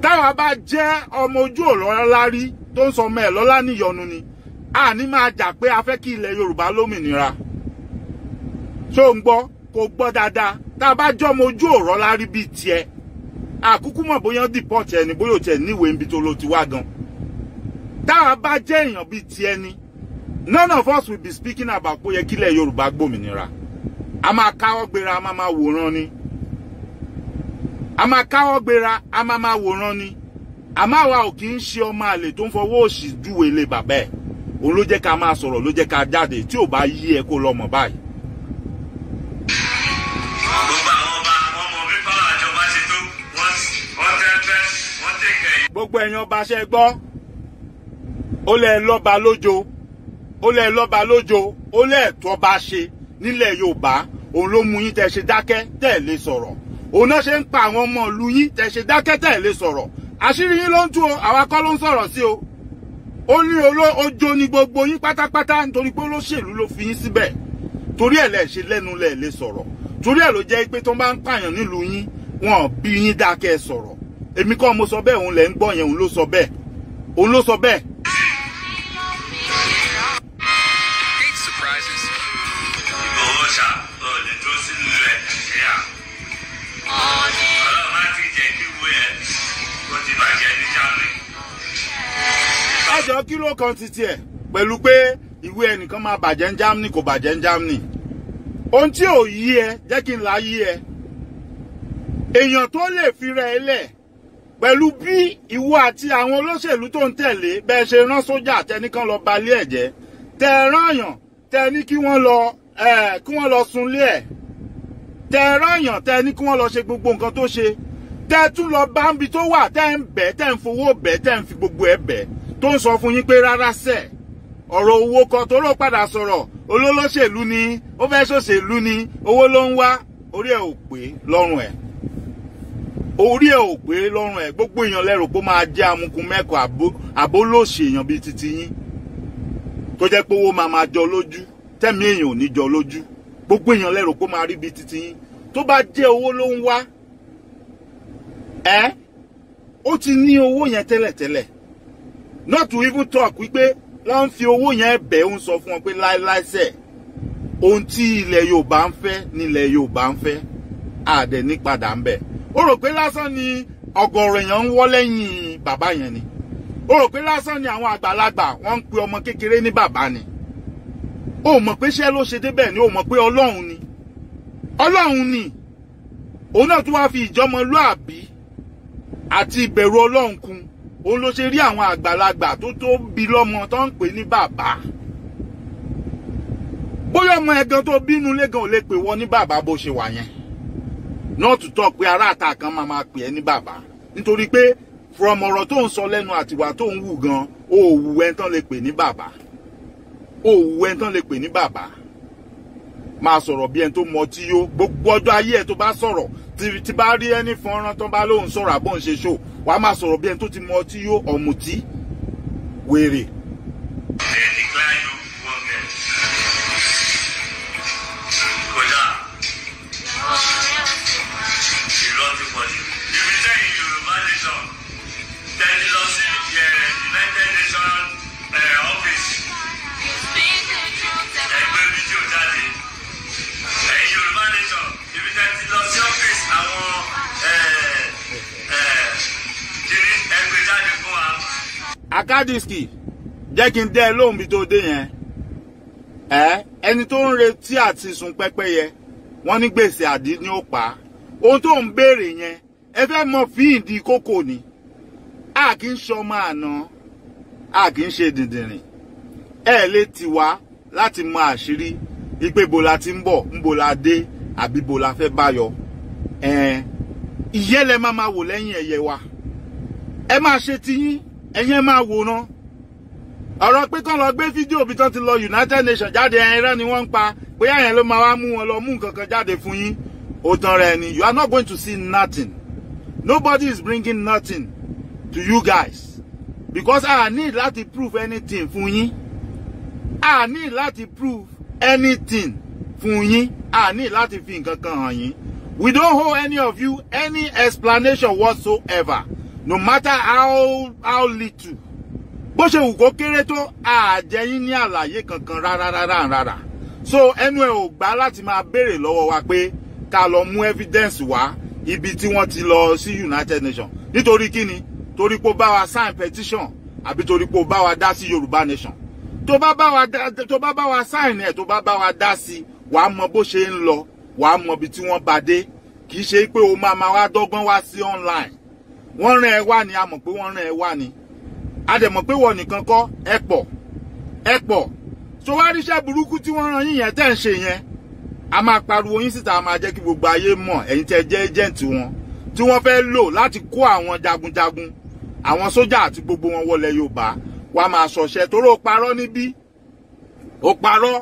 táwa bá jẹ́ ọmọ ojú ọ̀lọ́lá rí tó ń sọ ọmọ ẹ̀ lọ́lá níyọnu ni a ní máa jà pé a fẹ́ kí ilẹ̀ Yorùbá lómìnira ṣó ń gbọ́ kò gbọ́ dáadáa tá a bá jọ́ ọmọ ojú ọ̀lọ́lá rí bíi tiẹ̀ àkúkú mọ̀ bóyá dìpọ́ọ̀tì ẹni bóyá òtí ẹni níwèé nbi tó ló ti wá gan tá bá jẹ́ èèyàn bíi ti ẹni none of us will be speaking about pé ó yẹ kílẹ̀ Yorùbá gbòmìnira a máa káwọ́ gbéra a máa máa wòran ni a máa káwọ́ gbéra a máa máa wòran ni àmọ́ àwa ò kì í ṣe ọmọ àlè tó ń fọwọ́ òsì júwèé lé bàbá òun ló jẹ́ ká máa sọ̀rọ̀ ló jẹ́ ká jáde tí ò bá yí ẹ kó lọ́mọ báyìí gbogbo ẹ̀yàn ọba ṣe gbọ́ ó lẹ̀ lọ́ba lójo ó lẹ̀ lọ́ba lójo ó lẹ̀ tọ́ba ṣe nílẹ̀ Yorùbá òun ló mú yín tẹ̀ ṣe dákẹ́ tẹ̀ lè sọ̀rọ̀ òun náà ṣe ń pa àwọn ọmọ ìlú yín tẹ̀ ṣe dákẹ́ tẹ̀ lè sọ̀rọ̀ àṣírí yín ló ń tú o àwa kọ́ ló ń sọ̀rọ̀ sí o ó ní ojo ni gbogbo yín pátápátá nítorí pé olóṣèlú ló fi yín síbẹ̀ torí ẹ̀ lẹ̀ ṣe lẹ́nu lẹ̀ lè sọ̀rọ̀ torí ẹ̀ ló jẹ́ pé tó bá ń pààyàn nílùú yín wọn bí yín dákẹ́ sọ̀rọ̀ èmi kọ́ mo sọ bẹ́ẹ̀ òun lẹ̀ ń gbọ́ yẹn òun ló sọ bẹ́ẹ̀ òun ló sọ bẹ́ẹ̀. ẹjọ́ kí ló kan ti tiẹ̀ pẹ̀lú pé ìwé ẹnìkan máa bàjẹ́ ń Germany kò bàjẹ́ ń Germany ohun tí ò yí ẹ jẹ́ kí n la yí ẹ èèyàn tó lè fi rẹ̀ ẹ lẹ̀ pẹ̀lú bí ìwọ àti àwọn olóṣèlú tó ń tẹ̀lé bẹ́ẹ̀ ṣe rán sójà tẹnìkan lọ balẹ̀ ẹ̀jẹ̀ tẹ ráyàn tẹ ní kí wọ́n lọ kí wọ́n lọ sunlé ẹ̀ tẹ ráyàn tẹ ní kí wọ́n lọ ṣe gbogbo nǹkan tó ṣe tẹ tún lọ bá ń bi tó wà tẹ ń bẹ̀ tẹ ń fowó bẹ̀ tẹ ń fi gbogbo ẹ̀ bẹ̀ tó ń sọ fún yín pé rárá sẹ̀ ọ̀rọ̀ owó kan tó rò padà sọ̀rọ̀ olólóṣèlú ni ó fẹ́ ṣòṣèlú ni owó ló ń wá orí ẹ̀ ò pé lọ́rùn ẹ̀ orí ẹ̀ ò pé lọ́rùn ẹ̀ gbogbo èèyàn lẹ́rù pé ó máa jẹ́ amukun mẹ́kọ̀ọ́ àbólòṣì èèyàn bíi titi yín tó jẹ́ pé owó máa máa jọ lójú tẹ́mi èèyàn ò ní jọ lójú gbogbo èèyàn lẹ́rù pé ó máa rí bíi titi yín tó bá jẹ́ owó ló ń wá ẹ́ ó ti ní owó yẹn tẹ́lẹ̀tẹ́lẹ̀ not even talk wípé wọ́n ń fi owó yẹn bẹ̀ ń sọ fún wọn pé láéláé ohun tí ilẹ̀ yorùbá ń fẹ́ nílẹ̀ yorùbá ń fẹ́ àdẹ̀ nípadà ń bẹ̀ ó rò pé lásán ni ọ̀gọ̀rọ̀ èèyàn ń wọ́ lẹ́yìn bàbá yẹn ni ó rò pé lásán ni àwọn àgbàlagbà wọ́n ń pe ọmọ kékeré ní bàbá ni ó mọ̀ pé iṣẹ́ ló ṣe débẹ̀ ni ó mọ̀ pé ọlọ́run ni ọlọ́run ni òun náà tún wá fi ìjọmọlúàbí àti ìbẹ̀rù ọlọ́run kun òun ló ṣe rí àwọn àgbàlagbà tó tó bí lọ́mọ tó ń pè ní bàbá bóyá ọmọ ẹ̀gan tó bínú lẹ́gan ò lè pè wọ́n ní bàbá bó ṣe wà yẹn not to talk pé aráàta kan máa máa pè ẹ́ ní bàbá nítorí pé from ọ̀rọ̀ tó ń sọ lẹ́nu àtiwà tó ń wù gan o ò wù ẹ́ tán lè pè ní bàbá o ò wù ẹ́ tán lè pè ní bàbá máa sọ̀rọ̀ bí ẹni tó mọ tí yó gbogbo ọjọ́ ayé ẹ̀ tó bá sọ̀rọ̀ tí bá rí ẹni fọ́nrán tán bá lóun sọ̀rọ̀ àbóun ṣe ṣó wàá máa sọ̀rọ̀ bí ẹni tó ti mọ tí yó ọ̀mùtí wèrè akadiski jẹ́ kí n dẹ́ ẹ lóhùn bí tó dé yẹn ẹ ẹni tó ń retí àti sùn pẹ́pẹ́yẹ wọ́n ní gbèsè àdí ni ó pa ohun tó ń béèrè yẹn ẹ fẹ́ mọ fíìdì kókò ni a kì í ṣọmọ àná a kì í ṣe dìndìnrìn ẹ lè ti wá láti mọ àṣírí ipe bo la ti ń bọ̀ ń bo la dé àbí bo la fẹ́ bá yọ ìyẹn máa máa wò lẹ́yìn ẹ̀yẹ wa ẹ máa ṣe tiyín ẹ̀yin máa wòran ọ̀rọ̀ pé kán lọ gbé fídíò bí tán ti lọ United Nations jáde ẹran ni wọ́n ń pa bóyá yẹn ló máa wá mú wọn lọ mú nǹkan kan jáde fún yín òtàn rẹ̀ ni you are not going to see nothing nobody is bringing nothing to you guys because I need láti prove anything fún yín I need láti prove anything fún yín I need láti fi nǹkan kan hàn yín we don't owe any of you any explanation whatsoever no matter how how little bó ṣe wù kó kéré tó àjẹyìn ní àlàyé kankan rárá rárá rárá so ẹnu ẹ ò gbà láti máa béèrè lọ́wọ́ wa pé ká lọ mú evidence wá ibi tí wọ́n ti lọ sí United Nations nítorí kíni torí pé ó bá wa sign petition àbí torí pé ó bá wa dá sí Yorùbá Nation tó bá bá wa tó bá bá wa sign ẹ tó bá bá wa dá sí wàá mọ bó ṣe ń lọ wàá mọ ibi tí wọ́n bá dé kì í ṣe pé o máa máa wá dọ́gbọ́n wá sí online wọ́n rán ẹ wá ni a mọ̀ pé wọ́n rán ẹ wá ni a dẹ̀ mọ̀ pé wọ́n nìkan kọ́ ẹ pọ̀ ẹ pọ̀ so wá ríṣẹ́ burúkú tí wọ́n rán yín yẹn tẹ́ ń ṣe yẹn a máa pariwo yín síta a máa jẹ́ kí gbogbo ayé mọ̀ ẹ̀yin tẹ́ jẹ́ ẹ́jẹ̀ǹtì wọn tí wọ́n fẹ́ lò láti kó àwọn jagunjagun àwọn sójà àti gbogbo wọn wọlé Yorùbá wàá máa sọ̀ṣẹ́ torí ó parọ́ níbí ó parọ́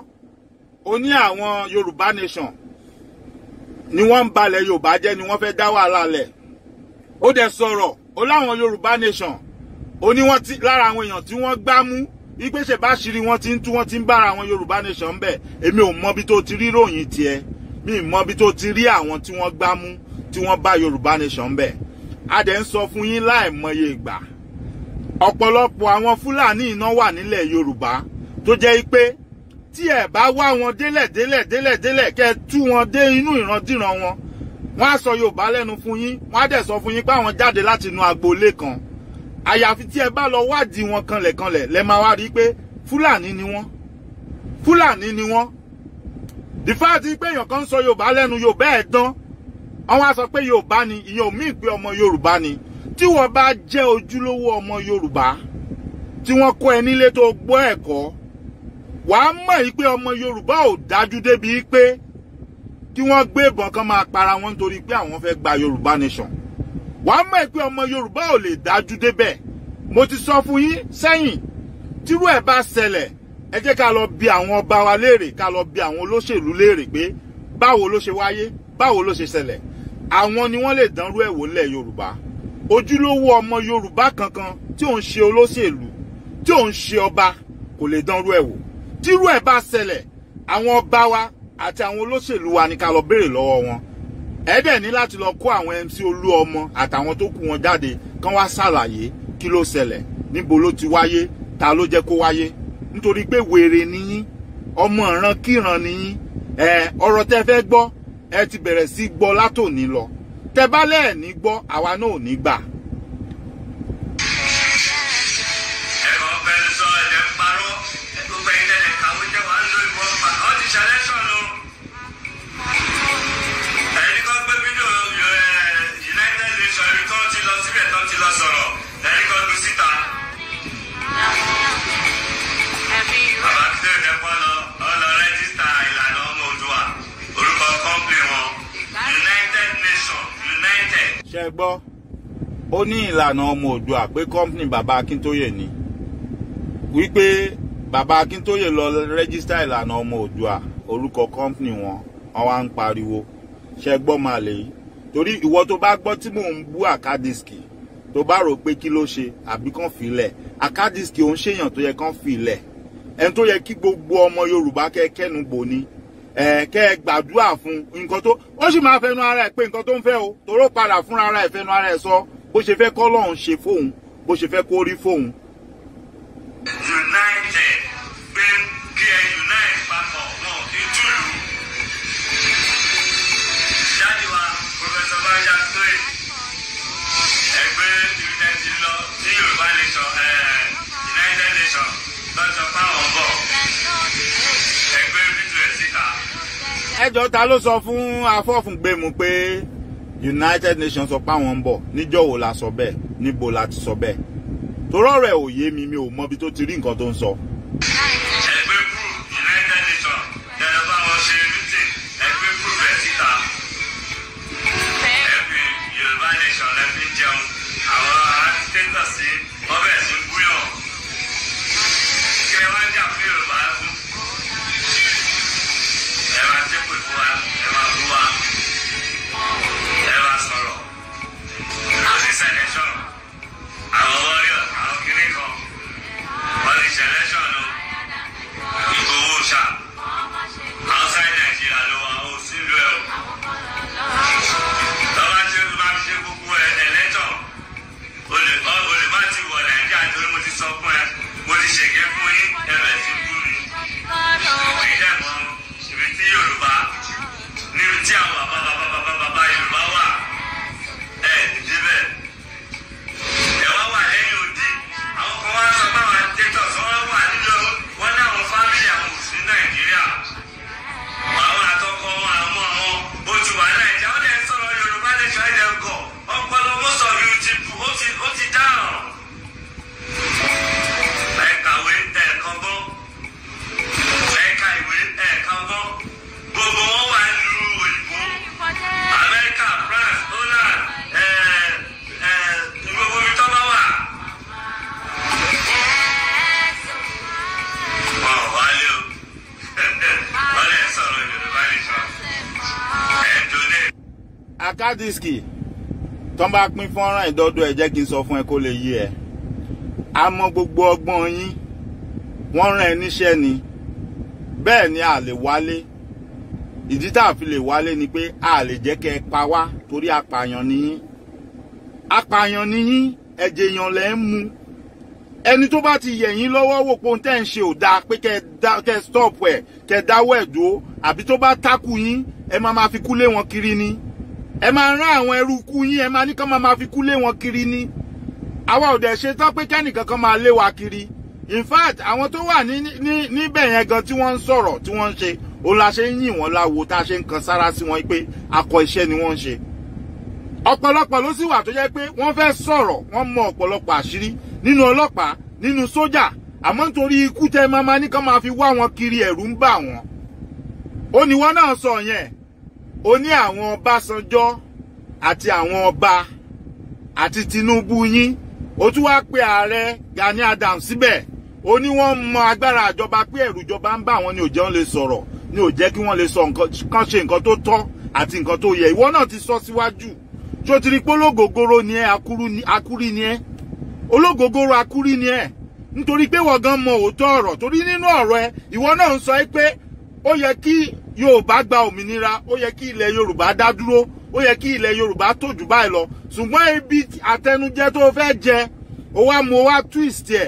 ó ní àwọn Yorùbá nation ni wọ́n ń balẹ̀ Yorùbá jẹ́ ni wọ́n fẹ́ dá wàhálà lẹ̀ ó dẹ̀ sọ̀rọ̀ ó láwọn Yorùbá nation ó ní wọ́n ti lára àwọn èèyàn tí wọ́n gbá mú ìgbésẹ̀ bá ṣírí wọ́n ti ń tú wọ́n ti ń bára àwọn Yorùbá nation bẹ̀ èmi ò mọbi tó ti rí ròyìn tiẹ̀ mi ì mọbi tó ti rí àwọn tí wọ́n gbá mú tí wọ́n bá Yorùbá nation bẹ̀ a dẹ̀ ń sọ fún yín láìmọye ìgbà ọ̀pọ̀lọpọ̀ àwọn Fúlàní iná wà nílẹ̀ Yorùbá tó jẹ́ pé tí ẹ̀ bá wá wọn délẹ̀ délẹ̀ délẹ̀ délẹ̀ kẹ́ tú wọn dé inú ìrandíran wọn wọ́n á sọ Yorùbá lẹ́nu fún yín wọ́n á dẹ̀ sọ fún yín pé àwọn jáde láti inú agboolé kan àyàfi tí ẹ bá lọ wádìí wọn kanlẹ̀kanlẹ̀ lẹ máa wá rí i pé Fúlàní ni wọ́n Fúlàní ni wọ́n dìfáàtì pé èèyàn kan ń sọ Yorùbá lẹ́nu Yorùbá ẹ̀ dán wọ́n á sọ pé Yorùbá ni ìyẹn ò míì pé ọmọ Yorùbá ni tí wọ́n bá jẹ́ ojúlówó ọmọ Yorùbá tí wọ́n kọ́ ẹ nílé tó gbọ́ ẹ̀kọ́ wàá mọ̀ yìí pé ọmọ Yorùbá ò dájú débi pé kí wọ́n gbé ìbọn kan máa para wọn nítorí pé àwọn fẹ́ gba yorùbá nation wàá mọ̀ pé ọmọ yorùbá ò lè dájú débẹ̀ mo ti sọ fún yín sẹ́yìn tírú ẹ̀ bá ṣẹlẹ̀ ẹ jẹ́ ká lọ bi àwọn ọba wa léèrè ká lọ bi àwọn olóṣèlú léèrè pé báwo ló ṣe wáyé báwo ló ṣe ṣẹlẹ̀ àwọn ni wọ́n lè dánrú ẹ̀ wò lẹ̀ yorùbá ojúlówó ọmọ yorùbá kankan tí ò ń ṣe olóṣèlú tí ò ń ṣe ọba kò lè dánrú ẹ̀ wò tírú ẹ̀ bá ṣẹlẹ̀ àwọn ọba wa àti àwọn olóṣèlú wa ni ká lọ béèrè lọ́wọ́ wọn ẹ dẹ̀ ní láti lọ kó àwọn MC Olúọmọ àtàwọn tó kù wọn jáde kán wá ṣàlàyé kí ló ṣẹlẹ̀ níbo ló ti wáyé ta ló jẹ́ kó wáyé nítorí pé wèrè niyín ọmọ ìran kíran niyín ẹ ọ̀rọ̀ tẹ́ fẹ́ gbọ́ ẹ ti bẹ̀rẹ̀ sí gbọ́ látòní lọ tẹ́ bá lẹ́ẹ̀ ní gbọ́ àwa náà ò ní gbà. ṣe gbọ́ ó ní ìlànà ọmọ Oòduà pé company bàbá Akíntóyè ni wípé bàbá Akíntóyè lọ rẹ́gísítà ìlànà ọmọ Oòduà orúkọ company wọn wọn wá ń pariwo ṣe gbọ́ máa lè yìí torí ìwọ tó bá gbọ́ tí mò ń bú àkádìsíkì tó bá rò pé kí ló ṣe àbí kàn fi ilẹ̀ àkádìsíkì òun ṣèyàn tó yẹ kàn fi ilẹ̀ ẹni tó yẹ kí gbogbo ọmọ Yorùbá kẹ́kẹ́nu bò ni ẹ kẹ́ ẹ gbàdúrà fún nǹkan tó ó sì máa fẹnu ara ẹ pé nǹkan tó ń fẹ́ o toró padà fúnra ara ẹ fẹnu ara ẹ sọ bó ṣe fẹ́ kọ́ lọ́hún ṣe fóun bó ṣe fẹ́ kó rí fóun ẹjọ́ ta ló sọ fún afọ́fúngbẹ̀mù pé United Nations sọ pé àwọn ń bọ̀ níjọ́ wo la sọ bẹ́ẹ̀ níbo la ti sọ bẹ́ẹ̀ torọ́ rẹ̀ ò mi mi ò mọbi tó ti rí nǹkan tó ń sọ. Bobrisky tó ń bá pín fọ́nrán ìdọ́dọ̀ ẹ̀ jẹ́ kí n sọ fún ẹ kó lè yé ẹ a mọ gbogbo ọgbọ́n yín wọ́n rán ẹ níṣẹ́ ni bẹ́ẹ̀ ni a lè wálé ìdí tá a fi lè wálé ni pé a lè jẹ́ kẹ́ ẹ pa wá torí apààyàn ni apààyàn ni ẹ̀jẹ̀ èèyàn lẹ́ ń mu ẹni tó bá ti yẹ̀ yín lọ́wọ́ wò pé ohun tẹ́ ń ṣe ò dáa pé kẹ́ ẹ stop ẹ̀ kẹ́ ẹ dáwọ́ ẹ̀ dúró àbí tó bá tákù yín ẹ máa ma fi kúlé wọn kiri ni ẹ máa rán àwọn ẹrúkú yín ẹ máa ní kán máa máa fi kú lé wọn kiri ni àwa ò dẹ̀ ṣe tán pé kẹ́nìkan kan máa lé wa kiri in fact àwọn tó wà níbẹ̀ yẹn gan tí wọ́n ń sọ̀rọ̀ tí wọ́n ń ṣe òun la ṣe ń yìn wọ́n láwo tá a ṣe ń kan sára sí wọn pé akọ iṣẹ́ ni wọ́n ń ṣe ọ̀pọ̀lọpọ̀ ló sì wà tó jẹ́ pé wọ́n fẹ́ sọ̀rọ̀ wọ́n mọ ọ̀pọ̀lọpọ̀ àṣírí nínú ọlọ́pàá nínú sójà àmọ́ nítorí ikú tẹ máa máa ní kán máa fi wá wọn kiri ẹ̀rù ń bà wọ́n ó ní wọ́n náà sọ yẹn ó ní àwọn Ọbásanjọ́ àti àwọn ọba àti Tinubu yín ó tún wáá pe ààrẹ Gani Adams síbẹ̀ ó ní wọ́n mọ agbára àjọba pé ẹ̀rù ìjọba ń bá wọn ni ò jẹ́ wọn lè sọ̀rọ̀ ni ò jẹ́ kí wọ́n lè sọ nǹkan ṣe nǹkan tó tọ́ àti nǹkan tó yẹ ìwọ náà ti sọ síwájú tí ó ti rí pé olóògógóró ni ẹ akúrí ni ẹ olóògógóró akúrí ni ẹ nítorí pé wọ́n gan mọ òótọ́ ọ̀rọ̀ torí nínú ọ̀rọ̀ ẹ ìwọ náà ń sọ pé ó yẹ kí yorùbá gba òmìnira ó yẹ kí ilẹ̀ yorùbá dá dúró ó yẹ kí ilẹ̀ yorùbá tó jù báyìí lọ ṣùgbọ́n ibi àtẹnujẹ tó fẹ́ jẹ ó wá mú wá twist ẹ̀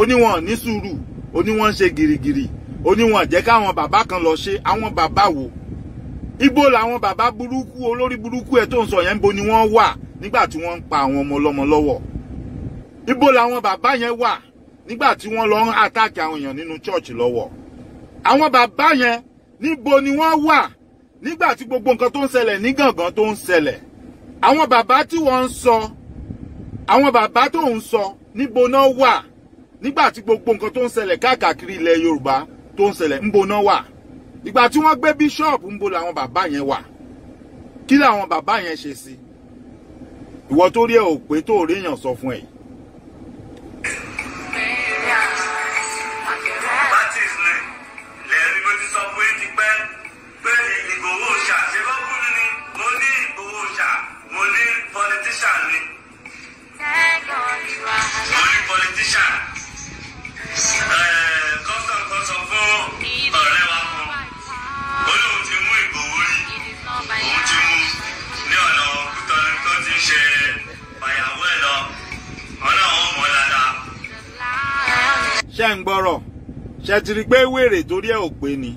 oníwọ̀n ní sùúrù oníwọ̀n ṣe gìrìgìrì oníwọ̀n jẹ́ káwọn bàbá kan lọ ṣe àwọn bàbá wo ibo làwọn bàbá burúkú olórí burúkú ẹ̀ tó ń sọ yẹn bo ni wọ́n wà nígbà tí wọ́n ń pa àwọn ọmọ ọlọ́mọ lọ́wọ́ ibo làwọn bàbá yẹn wà nígbà tí wọ́n lọ ń àtàkì àwọn èèyàn nínú chọ́ọ̀chì lọ́wọ́ àwọn bàbá yẹn níbo ni wọ́n wà nígbà tí gbogbo nǹkan tó ń ṣẹlẹ̀ ní gàngán tó ń ṣẹlẹ̀ àwọn bàbá tí wọ́n ń sọ àwọn bàbá tó ń sọ níbo náà wà nígbà tí gbogbo nǹkan tó ń ṣẹlẹ̀ káàkiri ilẹ̀ Yorùbá tó ń ṣẹlẹ̀ níbo náà wà ìgbà tí wọ́n gbé bíṣọ́ọ̀bù níbo làwọn bàbá yẹn wà kí làwọn bàbá yẹn ṣe sí ìwọ tó rí ẹ ò pé tó rí èèyàn sọ fún ẹ yìí politician custom kan sọ fún ọ̀rẹ́ wa kan ó lóun ti mú Ìgbòho rí òun ti mú ní ọ̀nà kútọ́ni tó ti ṣe fàyàwó ẹ̀ lọ ọ̀nà àwọn ọmọ dáadáa. ṣé ń gbọ́rọ̀ ṣe ti rí pé wèrè torí ẹ̀ ò pé ni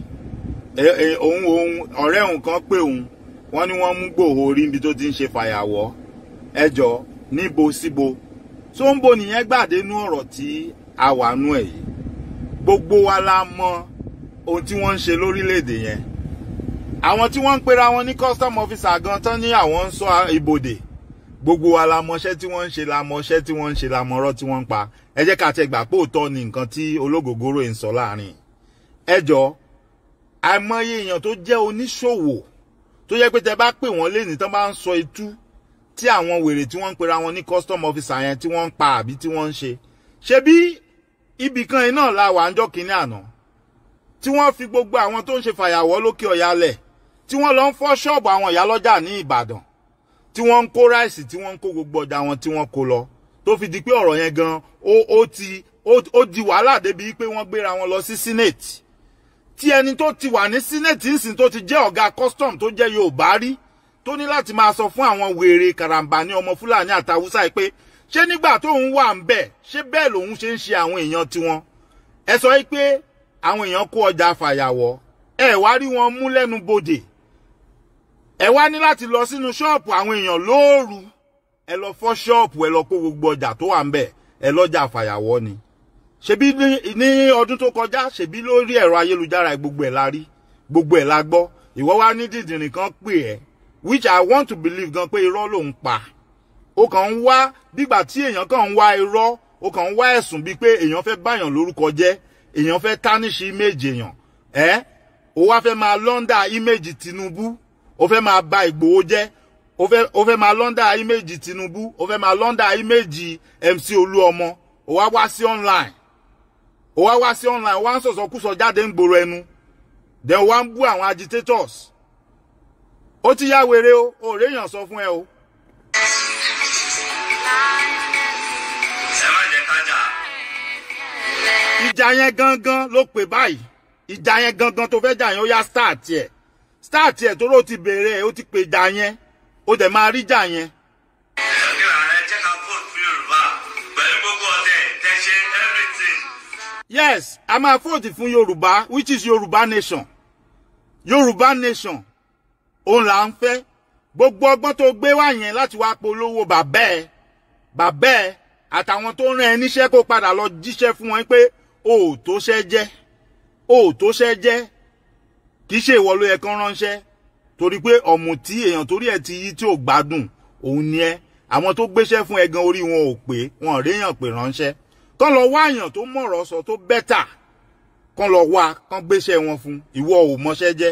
òun òun ọ̀rẹ́ òun kan pé òun wọ́n ní wọ́n mú Ìgbòho rí níbi tó ti ń ṣe fàyàwọ́ ẹjọ́ níbo síbo. Si so ń bo nìyẹn gbàdé nú ọ̀rọ̀ tí a wà nú ẹ̀ yìí gbogbo wa la mọ ohun tí wọ́n ń ṣe lórílẹ̀‐èdè yẹn àwọn tí wọ́n ń pera wọn ní custom officer gan tán ní àwọn ń ṣọ́ ibodè gbogbo wa la mọṣẹ́ tí wọ́n ń ṣe la mọṣẹ́ tí wọ́n ń ṣe la mọ̀rọ̀ tí wọ́n ń pa ẹ jẹ́ ká tẹ gbà pé òótọ́ ni nǹkan tí ológogoro ń sọ láàrin ẹ jọ àìmọye èèyàn tó jẹ́ oníṣòwò tó yẹ pé tẹ bá pè wọ́n léèní tán bá ń sọ itú tí àwọn wèrè tí wọ́n ń pera wọn ní custom officer yẹn tí wọ́n ń pa àbí tí wọ́n ń ṣe ṣebí ibìkan iná la wà ńjọ́ kínní àná tí wọ́n fi gbogbo àwọn tó ń ṣe fàyàwọ́ lókè ọ̀yà lẹ̀ tí wọ́n lọ ń fọ́ ṣọ́ọ̀bù àwọn ìyálọ́jà ní Ìbàdàn tí wọ́n ń kó ráìsì tí wọ́n ń kó gbogbo ọjà wọn tí wọ́n kó lọ tó fi di pé ọ̀rọ̀ yẹn gan ó ti ó di wàhálà débi pé wọ́n gbéra wọn lọ sí senate tí ẹni tó ti wà ní senate ń sìn tó ti jẹ́ ọ̀gá custom tó jẹ́ Yorùbá rí tó ní láti máa sọ fún àwọn wèrè karambà ní ọmọ fúlàní àtàwùsá yìí pé ṣé nígbà tóun wà ń bẹ̀ ṣé bẹ́ẹ̀ lòun ṣe ń ṣe àwọn èèyàn tiwọn ẹ sọ yìí pé àwọn èèyàn kó ọjà fàyàwọ́ ẹ wá rí wọn mú lẹ́nu bodè ẹ wá ní láti lọ sínú ṣọ́ọ̀pù àwọn èèyàn lóòru ẹ lọ fọ́ ṣọ́ọ̀pù ẹ lọ kó gbogbo ọjà tó wà ń bẹ̀ ẹ lọ́jà fàyàwọ́ ni ṣebí ní ọdún tó kọjá ṣebí lórí ẹ̀rọ ayélujára gbogbo ẹ̀ la rí gbogbo ẹ̀ la gbọ́ ìwọ wá ní dìdìrín kan pè ẹ́ which I want to believe gan pé irọ́ ló ń pa ó kàn ń wá bígbà tí èèyàn kàn ń wá irọ́ ó kàn ń wá ẹ̀sùn bíi pé èèyàn fẹ́ báyàn lórúkọ jẹ́ èèyàn fẹ́ tánìṣì image èèyàn ẹ́ ó wá fẹ́ máa lọ́ndà image Tinubu ó fẹ́ máa ba Ìgbòho jẹ́ ó fẹ́ ó fẹ́ máa lọ́ndà image Tinubu ó fẹ́ máa lọ́ndà image MC Olúọmọ ó wá wá sí online ó wá wá sí online ó wá ń sọ̀sọ̀kúsọ jáde ń gbòòrò ẹnu then ó wá ń bú agitators ó ti yá wèrè o òòrè èèyàn sọ fún ẹ o. ìjà yẹn gangan ló pè báyìí ìjà yẹn gangan tó fẹ́ jà yẹn ó yá start ẹ̀ start ẹ̀ tó ló ti bèrè ẹ̀ ó ti pè jà yẹn ó dẹ̀ máa rí jà yẹn. yes a máa fòdì fún yorùbá which is yorùbá nation yorùbá nation òun là ń fẹ́ gbogbo ọgbọ́n tó gbé wá yẹn láti wá polówó bàbá ẹ bàbá ẹ àtàwọn tó rán ẹ níṣẹ́ kó padà lọ jíṣẹ́ fún wọn pé o ò tó ṣẹ́ jẹ́ o ò tó ṣẹ́ jẹ́ kì í ṣe ìwọ ló yẹ kán ránṣẹ́ torí pé ọ̀mùtí èèyàn torí ẹ̀ ti yí tí ò gbádùn òun ni ẹ àwọn tó gbéṣẹ́ fún ẹ gan orí wọn ò pé wọn ò réyàn pé ránṣẹ́ kán lọ wá èèyàn tó mọ̀rọ̀ sọ tó bẹ́tà kán lọ wá kán gbéṣẹ́ wọn fún ìwọ ò mọṣẹ́ jẹ́.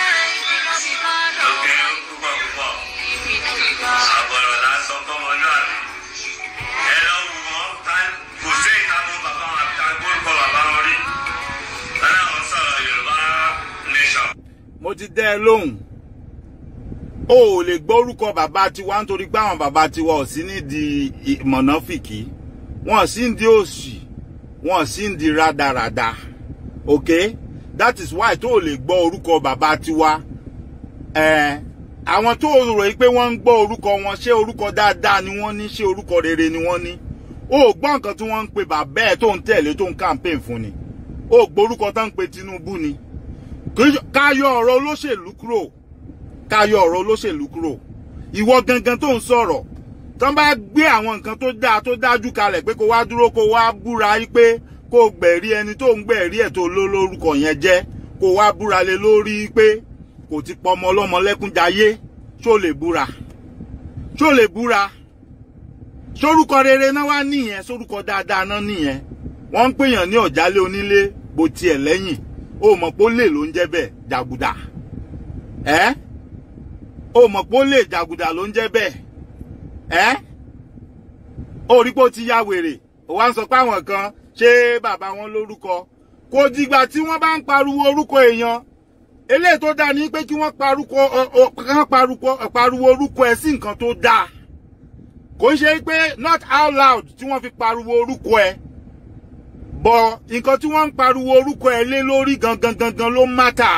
mo ti dẹ́ ẹ lóhùn o ò lè gbọ́ orúkọ bàbá tiwa nítorí pé àwọn bàbá tiwa ò sí nídìí mọ̀nàfìkì wọn sì ń di òṣì wọn sì ń di rádaràda ok that is why tó o lè gbọ́ orúkọ bàbá tiwa ẹ àwọn tó o rò pé wọ́n ń gbọ́ orúkọ wọn ṣé orúkọ dáadáa ni wọ́n ní ṣé orúkọ rere ni wọ́n ní o ò gbọ́ nǹkan tí wọ́n ń pe bàbá ẹ̀ tó ń tẹ̀lé tó ń campaign fún ni o ò gbọ́ orúkọ tó ń pe Tinubu ni ká yọ ọ̀rọ̀ olóṣèlú kúrò ká yọ ọ̀rọ̀ olóṣèlú kúrò ìwọ gangan tó ń sọ̀rọ̀ tán bá gbé àwọn nǹkan tó dáa tó dájú kalẹ̀ pé kó wá dúró kó wá búra yí pé kó gbẹ̀rí ẹni tó ń gbẹ̀rí ẹ̀ tó ló lórúkọ yẹn jẹ́ kó wá búra lé lórí pé kò ti pọmọ ọlọ́mọ lẹ́kúnjayé ṣó lè búra ṣó lè búra sórúkọ rere náà wá nìyẹn sórúkọ dáadáa náà nìyẹn wọ́n ń pèèyàn ní ọ̀jálé onílé bó tiẹ̀ lẹ́yìn o mọ̀ pé ó lè ló ń jẹ́ bẹ́ẹ̀ jàgùdà ẹ́ o mọ̀ pé ó lè jàgùdà ló ń jẹ́ bẹ́ẹ̀ ẹ́ o rí pé ó ti ya wèrè ó wá ń sọ pé àwọn kan ṣé bàbá wọn lórúkọ kò dìgbà tí wọ́n bá ń pariwo orúkọ èèyàn eléyìí tó dáa ni pé kí wọ́n pariwo orúkọ ẹ sí nǹkan tó dáa kò ń ṣe pé not out loud tí wọ́n fi pariwo orúkọ ẹ bọ̀ nǹkan tí wọ́n ń pariwo orúkọ ẹ̀ lé lórí gangan gangan ló mátà.